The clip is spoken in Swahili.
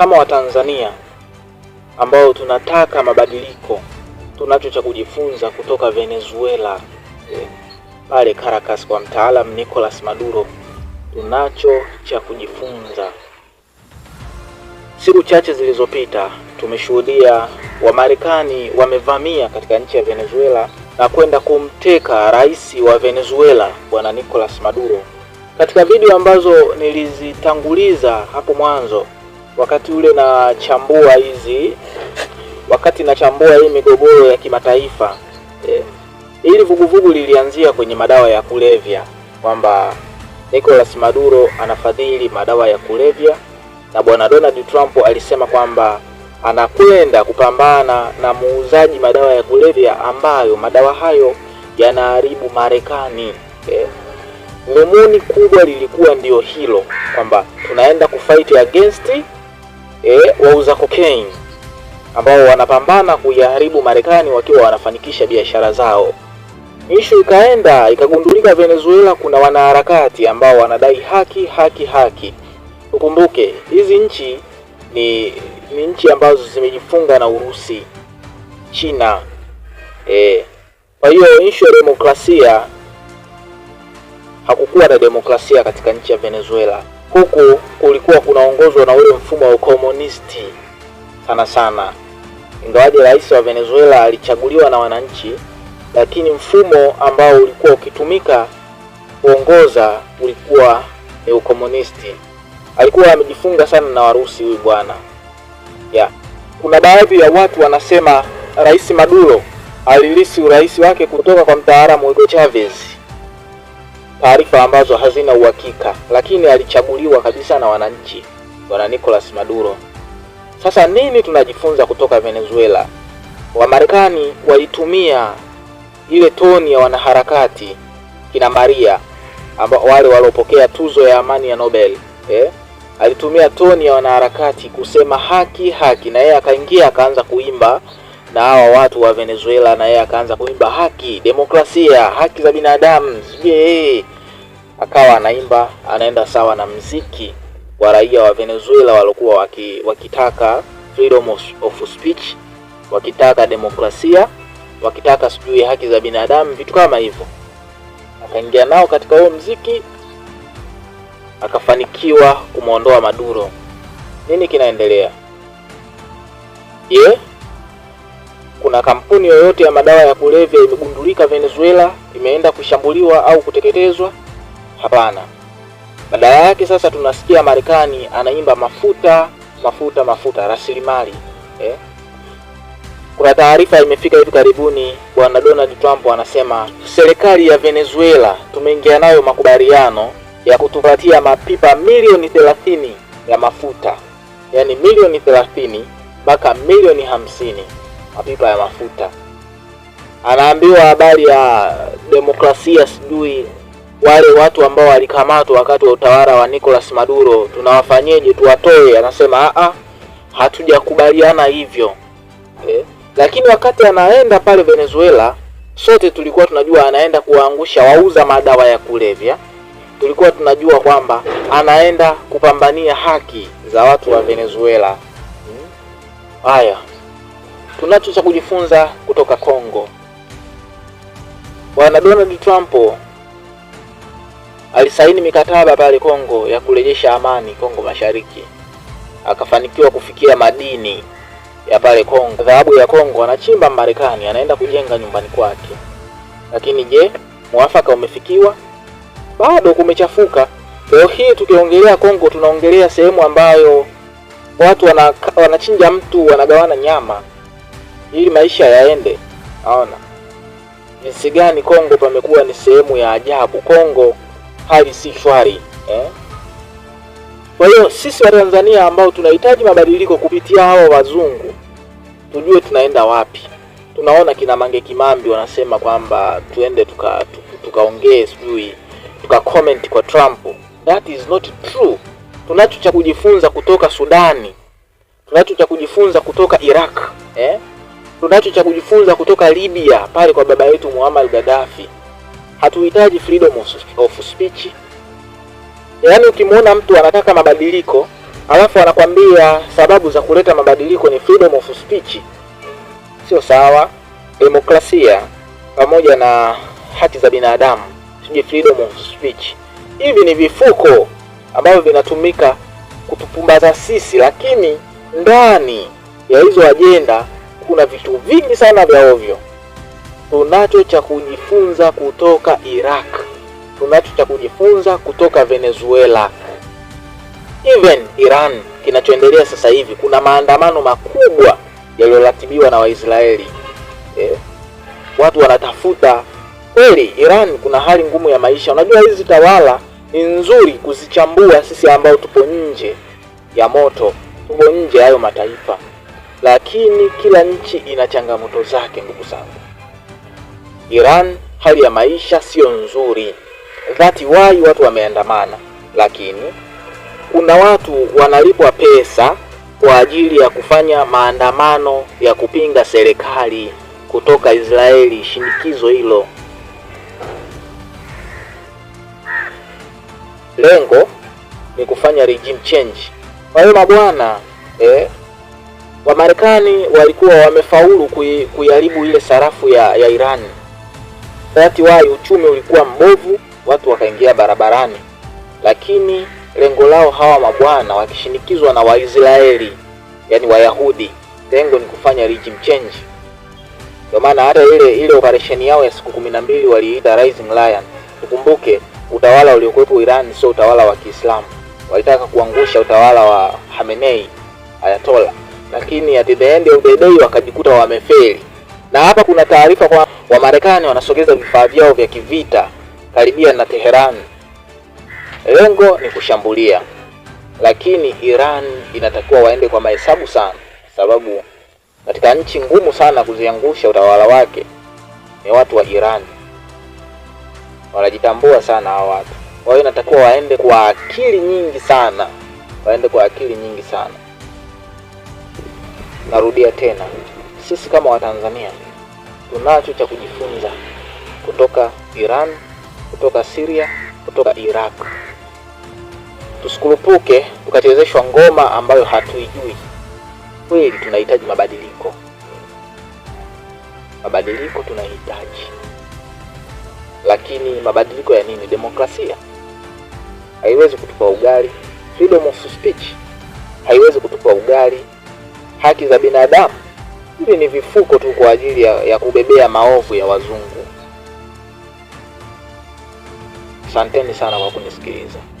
Kama Watanzania ambao tunataka mabadiliko, tunacho cha kujifunza kutoka Venezuela pale Caracas kwa mtaalam Nicolas Maduro, tunacho cha kujifunza. Siku chache zilizopita tumeshuhudia Wamarekani wamevamia katika nchi ya Venezuela na kwenda kumteka rais wa Venezuela bwana Nicolas Maduro. Katika video ambazo nilizitanguliza hapo mwanzo wakati ule nachambua hizi, wakati nachambua hii migogoro ya kimataifa eh, ili vuguvugu lilianzia kwenye madawa ya kulevya kwamba Nicolas Maduro anafadhili madawa ya kulevya na bwana Donald Trump alisema kwamba anakwenda kupambana na muuzaji madawa ya kulevya ambayo madawa hayo yanaharibu Marekani. Eh, dhumuni kubwa lilikuwa ndio hilo kwamba tunaenda kufight against e, wauza cocaine ambao wanapambana kuiharibu Marekani wakiwa wanafanikisha biashara zao. Ishu ikaenda ikagundulika Venezuela kuna wanaharakati ambao wanadai haki haki haki. Ukumbuke hizi nchi ni, ni nchi ambazo zimejifunga na Urusi, China e. Kwa hiyo ishu ya demokrasia, hakukuwa na demokrasia katika nchi ya Venezuela huku kulikuwa kunaongozwa na ule mfumo wa ukomunisti sana sana. Ingawaje rais wa Venezuela alichaguliwa na wananchi, lakini mfumo ambao ulikuwa ukitumika kuongoza ulikuwa ni ukomunisti. Alikuwa amejifunga sana na Warusi huyu bwana ya Kuna baadhi ya watu wanasema Rais Maduro alirisi urais wake kutoka kwa mtaalamu Hugo Chavez taarifa ambazo hazina uhakika, lakini alichaguliwa kabisa na wananchi, bwana Nicolas Maduro. Sasa nini tunajifunza kutoka Venezuela? Wamarekani walitumia ile toni ya wanaharakati kina Maria ambao wale waliopokea tuzo ya amani ya Nobel eh? Alitumia toni ya wanaharakati kusema haki haki, na yeye akaingia akaanza kuimba na hawa watu wa Venezuela, na yeye akaanza kuimba haki, demokrasia, haki za binadamu, sijui eh, akawa anaimba anaenda sawa na mziki wa raia wa Venezuela walokuwa waki, wakitaka freedom of, of speech wakitaka demokrasia wakitaka sijui haki za binadamu vitu kama hivyo. Akaingia nao katika huo mziki akafanikiwa kumwondoa Maduro. Nini kinaendelea? Je, kuna kampuni yoyote ya madawa ya kulevya imegundulika Venezuela, imeenda kushambuliwa au kuteketezwa? Hapana, badala yake sasa tunasikia Marekani anaimba mafuta, mafuta, mafuta, rasilimali eh? Kuna taarifa imefika hivi karibuni, bwana Donald Trump anasema serikali ya Venezuela tumeingia nayo makubaliano ya kutupatia mapipa milioni thelathini ya mafuta, yaani milioni thelathini mpaka milioni hamsini mapipa ya mafuta. Anaambiwa habari ya demokrasia sijui wale watu ambao walikamatwa wakati wa utawala wa Nicolas Maduro, tunawafanyeje? Tuwatoe? Anasema a, hatujakubaliana hivyo okay. Eh, lakini wakati anaenda pale Venezuela, sote tulikuwa tunajua anaenda kuwaangusha wauza madawa ya kulevya. Tulikuwa tunajua kwamba anaenda kupambania haki za watu wa Venezuela. Hmm? Haya, tunacho cha kujifunza kutoka Kongo, bwana Donald Trump Alisaini mikataba pale Kongo ya kurejesha amani Kongo Mashariki, akafanikiwa kufikia madini ya pale Kongo, dhahabu ya Kongo anachimba Marekani, anaenda kujenga nyumbani kwake. Lakini je, mwafaka umefikiwa? Bado kumechafuka. Leo hii tukiongelea Kongo, tunaongelea sehemu ambayo watu wana, wanachinja mtu wanagawana nyama ili maisha yaende. Naona jinsi gani Kongo pamekuwa ni sehemu ya ajabu Kongo hali si shwari eh? Kwa hiyo sisi Watanzania ambao tunahitaji mabadiliko kupitia hawa wazungu, tujue tunaenda wapi. Tunaona kina Mange Kimambi wanasema kwamba tuende tukaongee tuka, tuka sijui tuka comment kwa Trump. That is not true. Tunacho cha kujifunza kutoka Sudani, tunacho cha kujifunza kutoka Iraq eh? tunacho cha kujifunza kutoka Libya pale kwa baba yetu Muammar Gaddafi hatuhitaji freedom of speech. Yaani, ukimwona mtu anataka mabadiliko alafu anakwambia sababu za kuleta mabadiliko ni freedom of speech, sio sawa. Demokrasia pamoja na haki za binadamu, sijui freedom of speech, hivi ni vifuko ambavyo vinatumika kutupumbaza sisi, lakini ndani ya hizo ajenda kuna vitu vingi sana vya ovyo tunacho cha kujifunza kutoka Iraq, tunacho cha kujifunza kutoka Venezuela, even Iran. Kinachoendelea sasa hivi, kuna maandamano makubwa yaliyoratibiwa na Waisraeli eh, watu wanatafuta kweli. Iran kuna hali ngumu ya maisha. Unajua hizi tawala ni nzuri kuzichambua sisi ambao tupo nje ya moto, tupo nje hayo mataifa, lakini kila nchi ina changamoto zake, ndugu zangu. Iran hali ya maisha sio nzuri, dhati wai watu wameandamana, lakini kuna watu wanalipwa pesa kwa ajili ya kufanya maandamano ya kupinga serikali kutoka Israeli. Shinikizo hilo lengo ni kufanya regime change. Kwa hiyo mabwana eh, Wamarekani walikuwa wamefaulu kuiharibu ile sarafu ya, ya Irani. Wakati wayo uchumi ulikuwa mbovu, watu wakaingia barabarani, lakini lengo lao hawa mabwana wakishinikizwa na Waisraeli, yani Wayahudi, lengo ni kufanya regime change. Ndio maana hata ile ile operation yao ya siku kumi na mbili waliita Rising Lion. Tukumbuke utawala uliokuwepo Iran sio utawala wa Kiislamu, walitaka kuangusha utawala wa Hamenei Ayatollah, lakini at the end of the day wakajikuta wamefeli, na hapa kuna taarifa kwa Wamarekani wanasogeza vifaa vyao vya kivita karibia na Teheran. Lengo ni kushambulia, lakini Iran inatakiwa waende kwa mahesabu sana, sababu katika nchi ngumu sana kuziangusha utawala wake ni watu wa Iran, wanajitambua sana hawa watu. Kwa hiyo inatakiwa waende kwa akili nyingi sana, waende kwa akili nyingi sana. Narudia tena, sisi kama Watanzania tunacho cha kujifunza kutoka Iran, kutoka Syria, kutoka Iraq. Tusikurupuke tukachezeshwa ngoma ambayo hatuijui. Kweli tunahitaji mabadiliko, mabadiliko tunahitaji, lakini mabadiliko ya nini? Demokrasia haiwezi kutupa ugali, freedom of speech haiwezi kutupa ugali, haki za binadamu Hivi ni vifuko tu kwa ajili ya, ya kubebea maovu ya wazungu. Asanteni sana kwa kunisikiliza.